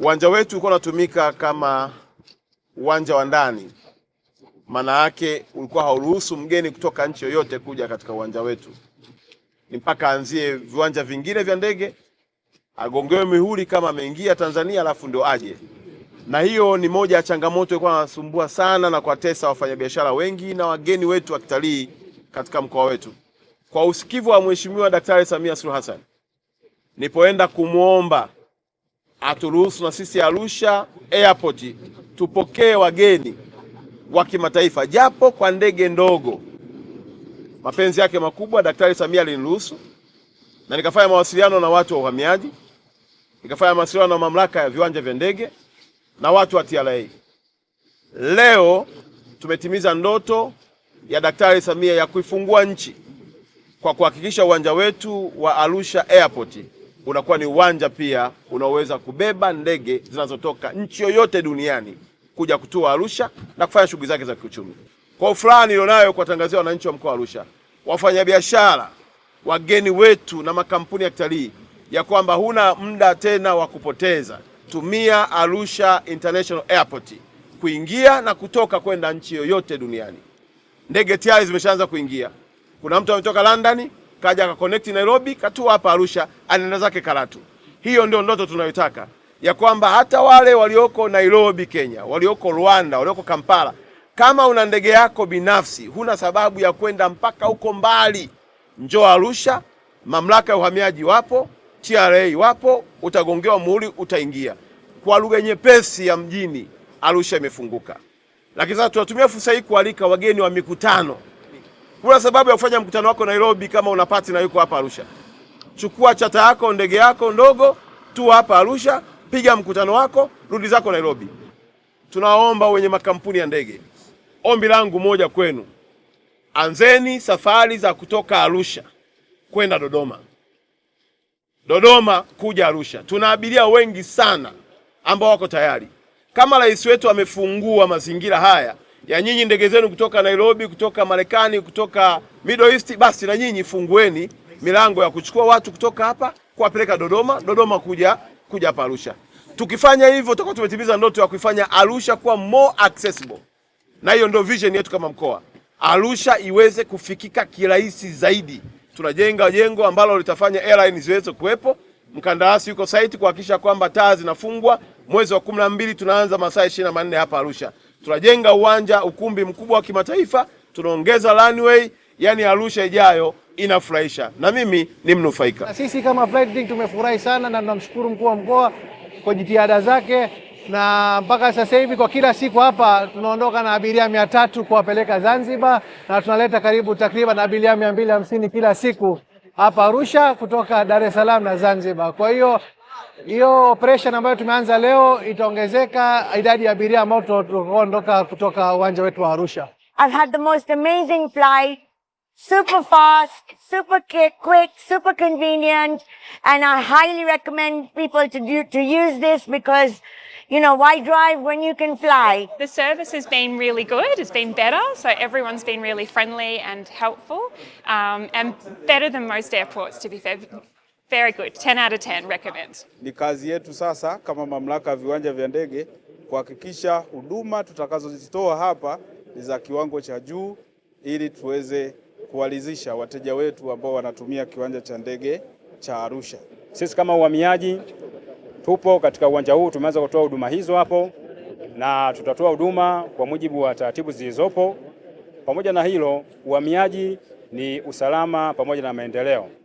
Uwanja wetu ulikuwa unatumika kama uwanja wa ndani, maana yake ulikuwa hauruhusu mgeni kutoka nchi yoyote kuja katika uwanja wetu, ni mpaka aanzie viwanja vingine vya ndege agongewe mihuri kama ameingia Tanzania, alafu ndio aje. Na hiyo ni moja ya changamoto ilikuwa inasumbua sana na kuwatesa wafanyabiashara wengi na wageni wetu wa kitalii katika mkoa wetu. Kwa usikivu wa Mheshimiwa Daktari Samia Suluhu Hassan, nipoenda kumwomba aturuhusu na sisi Arusha Airport tupokee wageni wa kimataifa japo kwa ndege ndogo. Mapenzi yake makubwa, Daktari Samia aliniruhusu na nikafanya mawasiliano na watu wa uhamiaji, nikafanya mawasiliano na mamlaka ya viwanja vya ndege na watu wa TRA. Leo tumetimiza ndoto ya Daktari Samia ya kuifungua nchi kwa kuhakikisha uwanja wetu wa Arusha Airport unakuwa ni uwanja pia unaoweza kubeba ndege zinazotoka nchi yoyote duniani kuja kutua Arusha na kufanya shughuli zake za kiuchumi. Kwa furaha nilionayo kuwatangazia wananchi wa mkoa wa Arusha, wafanyabiashara, wageni wetu na makampuni ya kitalii ya kwamba huna muda tena wa kupoteza. Tumia Arusha International Airport kuingia na kutoka kwenda nchi yoyote duniani. Ndege tayari zimeshaanza kuingia. Kuna mtu ametoka London, kaja ka connect Nairobi, katua hapa Arusha, anaenda zake Karatu. Hiyo ndio ndoto tunayotaka ya kwamba hata wale walioko Nairobi Kenya, walioko Rwanda, walioko Kampala, kama una ndege yako binafsi, huna sababu ya kwenda mpaka huko mbali, njoo Arusha. Mamlaka ya uhamiaji wapo, TRA wapo, utagongewa muhuri, utaingia. Kwa lugha nyepesi ya mjini, Arusha imefunguka. Lakini sasa tunatumia fursa hii kualika wageni wa mikutano kuna sababu ya kufanya mkutano wako Nairobi kama una pati na yuko hapa Arusha. Chukua chata yako, ndege yako ndogo, tua hapa Arusha, piga mkutano wako, rudi zako Nairobi. Tunawaomba wenye makampuni ya ndege, ombi langu moja kwenu, anzeni safari za kutoka Arusha kwenda Dodoma, Dodoma kuja Arusha. Tuna abiria wengi sana ambao wako tayari. Kama rais wetu amefungua mazingira haya ya nyinyi ndege zenu kutoka Nairobi, kutoka Marekani, kutoka Middle East, basi na nyinyi fungueni milango ya kuchukua watu kutoka hapa kuwapeleka Dodoma, Dodoma kuja kuja hapa Arusha. Tukifanya hivyo tutakuwa tumetimiza ndoto ya kuifanya Arusha kuwa more accessible, na hiyo ndio vision yetu kama mkoa, Arusha iweze kufikika kirahisi zaidi. Tunajenga jengo ambalo litafanya airline ziweze kuwepo. Mkandarasi yuko site kuhakikisha kwamba taa zinafungwa mwezi wa kumi na mbili, tunaanza masaa ishirini na manne hapa Arusha tunajenga uwanja ukumbi mkubwa wa kimataifa, tunaongeza runway, yani Arusha ijayo inafurahisha na mimi ni mnufaika. Na sisi kama Flightlink tumefurahi sana na tunamshukuru mkuu wa mkoa kwa jitihada zake, na mpaka sasa hivi kwa kila siku hapa tunaondoka na abiria mia tatu kuwapeleka Zanzibar na tunaleta karibu takriban abiria mia mbili hamsini kila siku hapa Arusha kutoka Dar es Salaam na Zanzibar. Kwa hiyo Hiyo ambayo tumeanza leo itaongezeka idadi ya abiria ambao tutaondoka kutoka uwanja wetu wa Arusha. I've had the most amazing flight, super fast, super quick, super convenient and I highly recommend people to do, to use this because you know, why drive when you can fly? The service has been really good, it's been better, so everyone's been really friendly and helpful, um, and better than most airports, to be fair. Very good. 10 out of 10 recommend. Ni kazi yetu sasa kama mamlaka ya viwanja vya ndege kuhakikisha huduma tutakazozitoa hapa ni za kiwango cha juu ili tuweze kuwalizisha wateja wetu ambao wanatumia kiwanja cha ndege cha Arusha. Sisi kama uhamiaji tupo katika uwanja huu, tumeanza kutoa huduma hizo hapo, na tutatoa huduma kwa mujibu wa taratibu zilizopo. Pamoja na hilo, uhamiaji ni usalama pamoja na maendeleo.